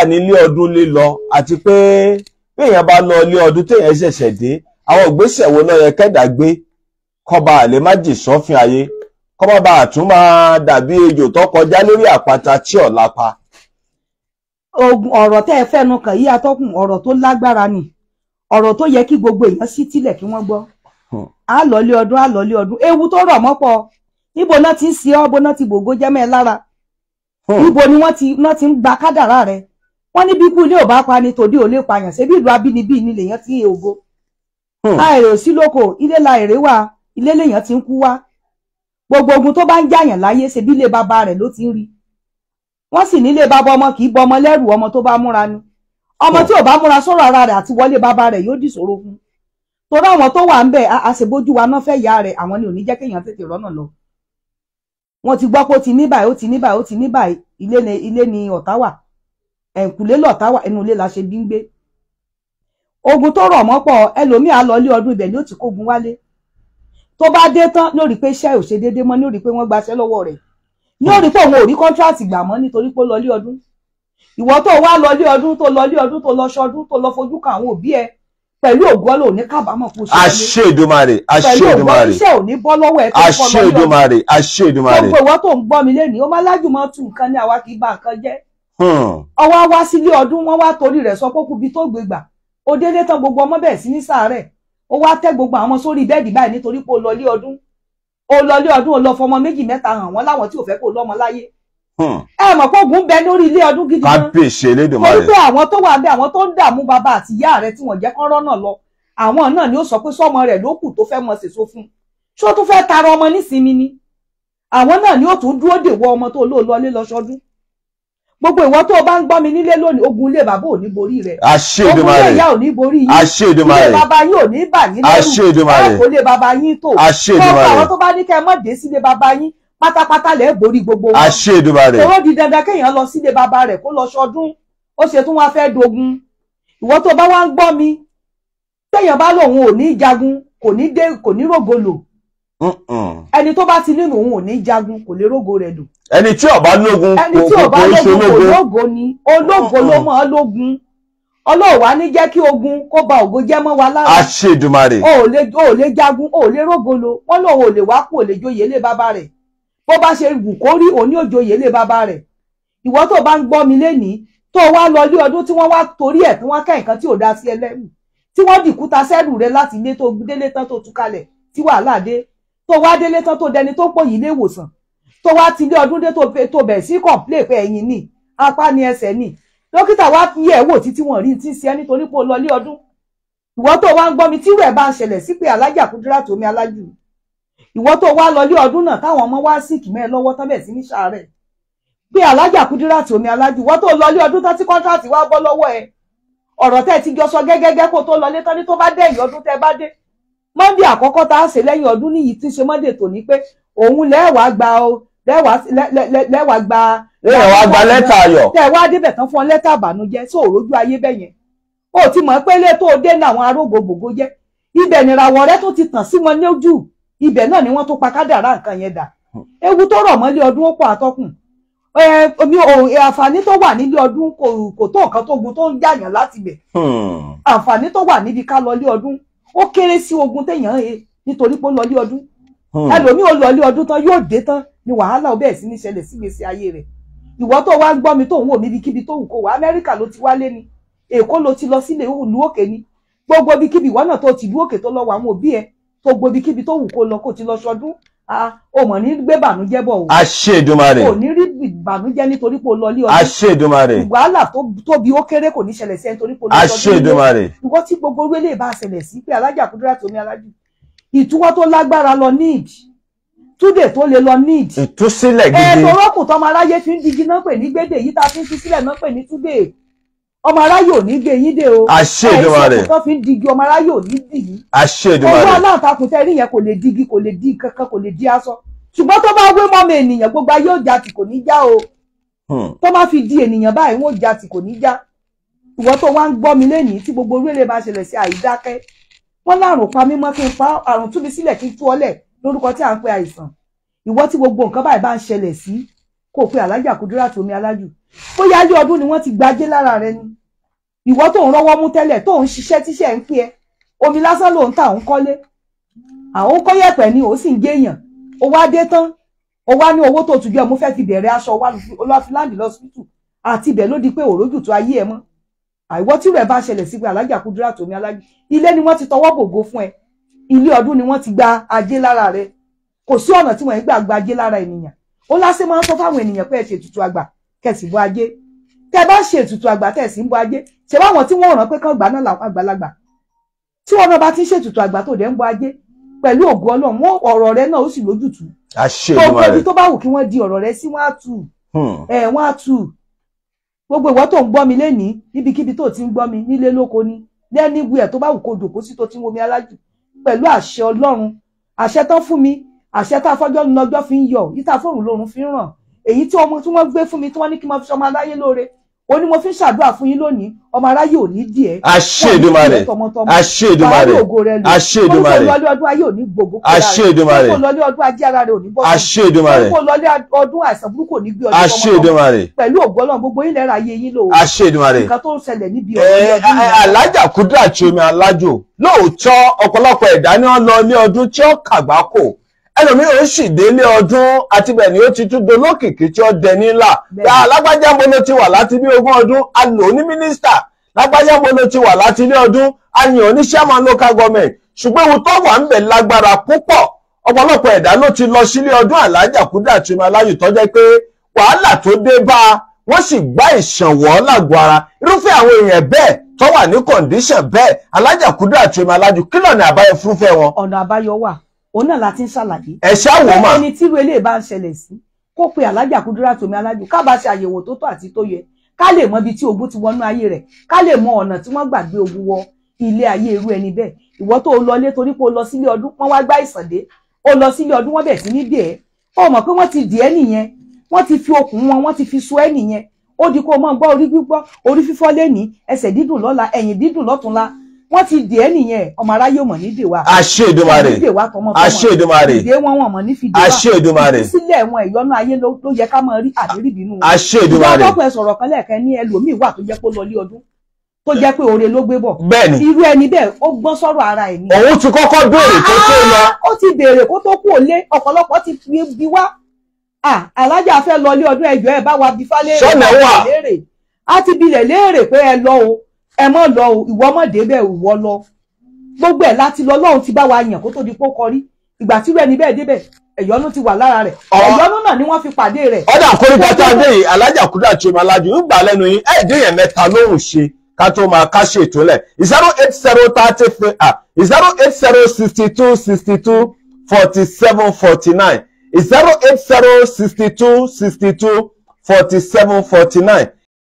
wà nílé ọdún lílọ àti pé bí èèyàn bá lọ ilé ọdún téèyàn ṣẹ̀ṣẹ̀ dé àwọn ìgbésẹ̀ wo ló yẹ kẹ́dà gbé kọba àlè má jì sọ́fin ayé kọ́mọ́ bá àtún máa dàbí ejò tó kọjá lórí àpáta tí ọ̀la pa. ogun ọ̀rọ̀ tẹ́ ẹ fẹ́nu kàn yí atọ́kùn ọ̀rọ̀ tó lágbára ni ọ̀rọ̀ tó yẹ kí gbogbo èèyàn sí tilẹ̀ kí wọ́n gbọ́. Hmm. a lọ lé ọdún a lọ lé ọdún ewu tó rọ̀ mọ́pọ̀ níbo náà ti ń ṣe ọ́ bó náà ti gbògbó jẹ́mẹ́ lára níbo ni wọ́n ti ń hmm. gba kádàrá rẹ̀ wọ́n ní bí ikú ilé ò bá pa ni tòde ò lè pààyàn ṣebí ìlú abínibí ni lèèyàn ti ń ògo láìrè hmm. ò sí lóko ilé láìrè wà ilé lèèyàn ti ń kú wá gbogbo ogun tó bá ń jàyàn láyé ṣebí ilé bàbá rẹ̀ ló ti ń rí wọ́n sì nílé bàbá ọmọ kì í bọ ọmọ lẹ́rù ọmọ tó bá múra ni ọmọ hmm. tí ò bá múra sọ̀rọ̀ ara rẹ̀ àti wọlé bàbá rẹ̀ yóò dìṣòro fún torí àwọn tó wà ń bẹ̀ àṣebójú wa náà fẹ́ yá rẹ̀ àwọn ni ò ní jẹ́ kéèyàn tètè rọ́nà lọ wọ́n ti gbọ́ pé ó ti ní báyìí ó ti ní báyìí ó ti ní báyìí ilé ni ọ̀tá wà ẹ̀kúlé lọ̀tá wà inú ilé la ṣe bí ń gbé ogun tó rọ̀ mọ́pọ̀ ẹlòmíì á lọ ilé ọdún ibẹ̀ ni ó ti kógun wálé tó bá dé tán ní ó rí pé iṣẹ́ ò ṣe déédéé mọ́ ní ó rí pé wọ́n gbaṣẹ́ lọ́wọ́ rẹ̀ ní ó rí pé òun ò rí kọ́ńtíráàtì gbà mọ́ nítorí pé ó lọ ilé ọdún ìwọ tó wá lọ ilé ọdún tó lọ ilé ọdún tó lọ ṣọdún tó lọ fojú kan àwọn òbí ẹ pẹ̀lú ògbọ́lò ní kábàámọ̀ kó ṣe àṣẹ Èdùmàrè àṣẹ Èdùmàrè iṣẹ́ ò bọ́ lọ́wọ́ ẹ tó kọ́ lọ́wọ́ àṣẹ Èdùmàrè àṣẹ Èdùmàrè gbogbo ìwọ tó ń gbọ́ mi lé ní ó má lájùmọ̀ tún nǹkan ní àwa kì í bà nǹkan jẹ́ ọwọ́ hmm. wá sílé ọdún wọ́n wá torí rẹ̀ sọ pé kúbi tó gbégbà ó délé tán gbogbo ọmọ bẹ̀rẹ̀ sí ní sàárẹ̀ ó wá tẹ́ gbogbo àwọn sórí bẹ́ẹ̀dì báyìí nítorí pé ó lọ lé ọdún ó lọ lé ọdún ó lọ fọmọ méjì mẹ́ta hàn wọ́n láwọn tí ò fẹ́ kó lọ́mọ láyé hmm. ẹ mọ̀ pé ogun bẹ lórí ilé ọdún gidi náà kábíyèsí elédùnmáyé torí pé àwọn tó wà bẹ́ẹ̀ àwọn tó ń dààmú bàbá àti ìyá rẹ̀ tí wọ́n jẹ́ kán rọ́nà lọ àwọn náà ni ó sọ pé sọmọ rẹ̀ ló kù tó fẹ́ mọ sèso fún ṣó tó fẹ́ tara ọmọ nísìnyí ni àwọn náà ni ó tún dúró dèwọ ọmọ tó lóò lọlé lọ́sọdún gbogbo ìwọ tó o bá ń gbọ́ mi nílé lónìí ogun ilé bàbá ò ní borí rẹ ogun ilé ìyá ò ní borí yín ilé bàbá yín ò ní bà yín lẹ́rù ẹ̀kọ́ ilé bàbá yín tò kọ́kọ́ àwọn tó bá ní kẹ́ ẹ mọ̀ dé sílé bàbá yín pátápátá lẹ́ẹ̀ borí gbogbo wọn tòró di dandan kéèyàn lọ sílé bàbá rẹ̀ kó lọ sọdún ó ṣe tún wá fẹ́ dogun ìwọ tó bá wá ń gbọ́ mi téèyàn bá lòun ò ní jagun kò ní rògbòlò ẹni tó bá ti nínú òun ò ní jagun kò lè rógo rẹ̀ dùn. ẹni tí ọba lógun kò ṣológo kò lógo ni ológo ló mọ ọ lógun ọlọ́ọ̀wá jẹ́ kí ogun kó ba ògo jẹ́ mọ́ wa lára. àṣedùmarè. o ò lè o ò lè jagun o ò lè rógo lo wọn lòun ò lè wá kó o lè joyè lé bàbá rẹ̀ bó bá ṣe wù kó rí òní òjòyè lé bàbá rẹ̀ ìwọ tó bá ń gbọ́ mi lénìí tó wá lọ ilé ọdún tí wọ́n wá torí ẹ̀ tí wọ́n ká nǹkan tí ò dá sí ẹlẹ́rù tí wọ́n dìkúta sẹ́rù rẹ láti ilé tó délé tán tó tú kalẹ̀ tí wàhálà dé tó wá délé tán tó dẹni tó pò yìí lé ìwòsàn tó wá tilé ọdún dé tó bẹ̀ sí kọ̀ǹplé pé ẹ̀yìn ni apá ni ẹsẹ̀ ni dókítà wá fi yẹ̀ wò títí wọn rí tí ń ṣe ẹ́ nítorí pé ó lọ lé ọdún ìwọ tó wá ń gbọ́ mi tí rẹ̀ bá ń ṣẹlẹ̀ sí pé alájà kúdúrà tó mi alájù ìwọ tó wá lọ lé ọdún náà táwọn ọmọ wá sí kìmẹ́ lọ́wọ́ tán bẹ̀ sí ní sàárẹ̀ pé alájà kúdúrà tó mi alájù ìwọ tó lọ lé ọdún tán tí kọ́ńtrátì wá bọ́ lọ́wọ́ ẹ ọ̀rọ̀ tẹ́ ti jọ sọ gẹ́gẹ́gẹ́ kó tó lọ lé tán ní tó bá dẹ̀yìn ọdún tẹ́ bá dé monday àkọ́kọ́ tá a ṣe lẹ́yìn ọdún níyì tí ṣe monday tó ní pé òun lẹ́wàá gba o lẹ́wàá gba. lẹ́wàá gba lẹ́tà ayọ̀. tẹ̀wá débẹ̀ tán fún ọ lẹ́tà àbànújẹ́ sí òrojú ayé bẹ́yẹn o ti mọ̀ pé ilé tó o dé ní àwọn arógbòbògbò jẹ́ ibẹ̀ nìràwọ̀ rẹ tó ti tàn sí wọn lójú ibẹ̀ náà ni wọ́n tó pa kádàrá nǹkan yẹn dà ewu tó rọ̀ mọ́lé ọdún ó pọ̀ àtọ́kùn omi àǹfààní tó wà nílé ọdún kò tó nǹkan tó gun tó ń jàyàn láti bẹ̀ hmm. àǹfààní tó wà níbi ká lọ lé ọdún ó kéré sí ogun téèyàn he nítorí pé ó lọ lé ọdún hmm. ẹlòmíì ó lọ lé ọdún tán yóò dé tán ni wàhálà ó bẹ̀rẹ̀ sí ní ṣẹlẹ̀ sí gbèsè ayé rẹ̀ ìwọ tó wá gbọ́ mi tó ń wò mí ibikíbi tó wá amẹ́ríkà ló ti wálé ni èkó ló ti lọ sílé ìlú òkè ni gbogbo ibikíbi ìwọ náà tó ti ìlú òkè tó lọ wà àwọn òbí ẹ tó gbogbo ibikíbi tó wù kó lọ kó ti lọ ṣọdún o mọ̀ ní gbé bànújẹ́ bọ̀ o. àṣẹ Èdùmàrè. o ní rí bànújẹ́ nítorí pé o lọ ilé ọdún. àṣẹ Èdùmàrè. wàhálà tó tóbi ó kéré kò ní ṣẹlẹ̀ sí ẹni torí pé o lọ ilé ọdún. àṣẹ Èdùmàrè. ìwọ tí gbogbo orí ilé ìbá ṣẹlẹ̀ sí pé alájà Kudirat Omi Alájù ìtúwọ́ tó lágbára lọ need túdè tó lè lọ need. ìtúsílẹ̀ gidi. ẹ̀ tọ́rọ́kù tọmọ aráyé fi ń digi náà pè ní gbédè yìí ta fi ń túsílẹ̀ náà pè ní ọmọ aráyò ní gé yín dé o àṣẹ Èdùmàrè àìsàn tó fi ń digi ọmọ aráyò ní dì yín àṣẹ Èdùmàrè ọwọ́ aláǹtakùn tẹ́ rí yẹn kò lè digi kò lè di kankan kò lè di aṣọ ṣùgbọ́n tó bá wé mọ́mọ ènìyàn gbogbo ayé òjà tì kò ní já o hmm. tó bá fi di ènìyàn báyìí wọn òjà tì kò ní já ìwọ tó wá ń gbọ́ mi lẹ́nìí tí gbogbo orílẹ̀ bá ṣẹlẹ̀ sí àìdákẹ́ wọ́n láàrùn pa mímọ́ kí n pa àrùn túbi sílẹ̀ kí n tú ọlẹ̀ lórúkọ tí à ń pe àìsàn ìwọ tí gbogbo nǹkan báyìí bá ń ṣẹlẹ̀ sí kò pe alájà Kudirat omi alájù bóyá ayé ọdún ni wọ́n ti gbajé lára rẹ ni ìwọ tó ń rọ́wọ́ mú tẹ́lẹ̀ tó ń ṣiṣẹ́ tíṣẹ́ ń pé ẹ omi lásán ló ń ta òun kọ́lé àwọn ó ni ó sì ń géèyàn ó wá dé tán ó wá ní owó tó tù jọ mo fẹ́ ti bẹ̀rẹ̀ aṣọ olúwàfíláàdì lọ́sítù àti ibẹ̀ ló di pé òrójù tó ayé ẹ mọ́ àìwọ́ tí rẹ̀ bá ṣẹlẹ̀ sí pé alájà Kudirat omi alájù ilé ni wọ́n ti tọwọ́ bògo fún ẹ ilé ọdún ni wọ́n ti gba ajé lára rẹ kò sí ọ̀nà tí wọ́n ń gbà gba ajé lára ènìyàn ó lásán máa ń sọ fáwọn ènìyàn pé ẹ ṣe ètùtù àgbà kẹsì bọ ajé tẹ bá ṣe ètùtù àgbà tẹsí ń bọ ajé ṣe báwọn tí wọn ràn pé kán gbà náà làwọn àgbàlagbà tí wọn náà bá ti ń ṣètùtù àgbà tó dẹ ń bọ ajé pẹ̀lú ògo Ọlọ́run wọn ọ̀rọ̀ rẹ náà ó sì lójútùú tó gbẹbi tó bá wù kí wọn di ọ̀rọ̀ rẹ sí wọn á tù hmm. ẹ wọn á tù gbogbo ìwọ tó ń gbọ́ mi lénìí níbikíbi tó ti ń gbọ́ mi nílé lóko ni lẹ́ni wíẹ̀ tó bá wù kó dòkó sí tó ti ń wo mi alájù pẹ̀lú àṣẹ Ọlọ́run àṣẹ tán fún mi àṣẹ tá a fọjọ́ lọ́jọ́ fi ń yọ yìí tá a fóòrùn lòrùn fi ń ràn èyí tí ọmọ tí wọ́n gbé fún mi tí wọ́n ní kí n máa fi ṣọmọ aláyé lóore ó ní mo fi ń ṣàdúrà fún yín lónìí ọmọ aráyé ò ní díẹ̀. àṣẹ Èdùmàrè àṣẹ Èdùmàrè àṣẹ Èdùmàrè kó lọlé ọdún ayé ò ní gbogbo kó lára rẹ̀ kó lọlé pẹ̀lú ògbó gbogbo yín ayé yín lò àṣẹ Èdùmàrè nǹkan tó ń ṣẹlẹ̀ eh, eh, Omi Alájò lóòótọ́ ọ̀pọ̀lọpọ̀ ẹ̀dá ni wọ́n lọ ní ọdún tí ó kàgbákò ẹlòmíì ò sì délé ọdún àti bẹ́ẹ̀ ni ó ti tún dolókìkí tí ó dẹni ńlá lágbájá mo ló ti wà láti bí ogún ọdún a lò ó ní mínísítà lágbájá ti wà láti ilé ọdún a yàn ó ní chairman local government ṣùgbọ́n ewu tó wà ń bẹ̀ lágbára púpọ̀ ọ̀pọ̀lọpọ̀ ẹ̀dá ló ti lọ sílé ọdún Alhaja Kudirat Tumialayo tó jẹ́ pé wàhálà tó dé bá wọ́n sì gbá ìṣànwọ́ lágbo ara irúfẹ́ àwọn èèyàn bẹ́ẹ̀ tó wà ní kọ̀ǹdíṣàn bẹ́ẹ̀ Alhaja Kudirat Tumialayo kí lọ̀nà àbáyọ fúnfẹ́ wọn. ọ̀nà àbáyọ wà Ona náà la ti ń ṣàlàyé. ẹ ṣáwó mà ẹni tí irú eléyìí bá ń ṣẹlẹ̀ sí kó pe alájà kúdúrà tòmí alájù ká bá ṣe àyẹ̀wò tó tọ́ àti tó yẹ ká lè mọ ibi tí ogun ti wọnú ayé rẹ̀ ká lè mọ ọ̀nà tí wọ́n gbàgbé ogun wọ ilé ayé irú ẹni bẹ́ẹ̀ ìwọ tó lọlé torí pé o lọ sílé ọdún wọ́n wá gbá ìsàndé o lọ sílé ọdún wọ́n bẹ̀ sí ní dìẹ́ o mọ̀ pé wọ́n ti dìẹ́ nìyẹn wọ́n ti fi okùn wọn wọ́n ti fi so ẹ́ nìyẹn ó di kó o mọ̀ gbọ́ orí gbígbọ́ orí fífọ́ lẹ́ni ẹsẹ̀ dídùn lọ́la ẹ̀yìn dídùn lọ́túnla wọ́n ti dè é nìyẹn ọmọ aráyé ò mọ̀ ní dè wá. àṣẹ Èdùmàrè àṣẹ Èdùmàrè ìdè wọn wọn mọ̀ ní fi dè wá àṣẹ Èdùmàrè sílẹ̀ wọn ìyọnu ayé ló yẹ ká mọ rí àdérí bínú wọn. àṣẹ Èdùmàrè ìjọba ọkùnrin sọ̀rọ̀ kan lẹ́ẹ̀kan ní ẹlòmíì wà tó jẹ́ pé lọlé ọdún tó jẹ́ pé oore ló gbé bọ̀. bẹ́ẹ̀ni irú ẹni bẹ́ẹ̀ ó gbọ́ sọ̀rọ̀ ara ẹ̀ ni. òun ti kọ́kọ́ béèrè kó tó lọ. Ah, ó ti béèrè kó tó kú òlé ọ̀pọ̀lọpọ̀ ti bi wá. Ah, alájà fẹ́ lọ ilé ọdún ẹjọ́ ẹ bá wa bí falẹ́ rẹ̀ léèrè a ti bilẹ̀ léèrè pé ẹ lọ o ẹ mọ̀ lọ o ìwọ mọ̀ débẹ̀ ìwọ lọ gbogbo ẹ̀ láti lọ lọ́hùn ti bá wa yàn kó tó di pókọ rí ìgbà tí rẹ̀ níbẹ̀ débẹ̀ ẹ̀yọ́nú ti wà lára rẹ̀ ẹ̀yọ́nú náà ni wọ́n fi pàdé rẹ̀. ọ̀dà àkóríta tá a dé yìí alájà kúrò àti omi alájú ń gbà lẹ́nu yín ẹ̀ dé yẹn mẹ́ta lóhùn ṣe ká tó máa ká ṣe ìtúlẹ̀ zero eight zero thirty three ah zero eight zero sixty two sixty two forty seven forty nine zero eight zero sixty two sixty two forty seven forty nine.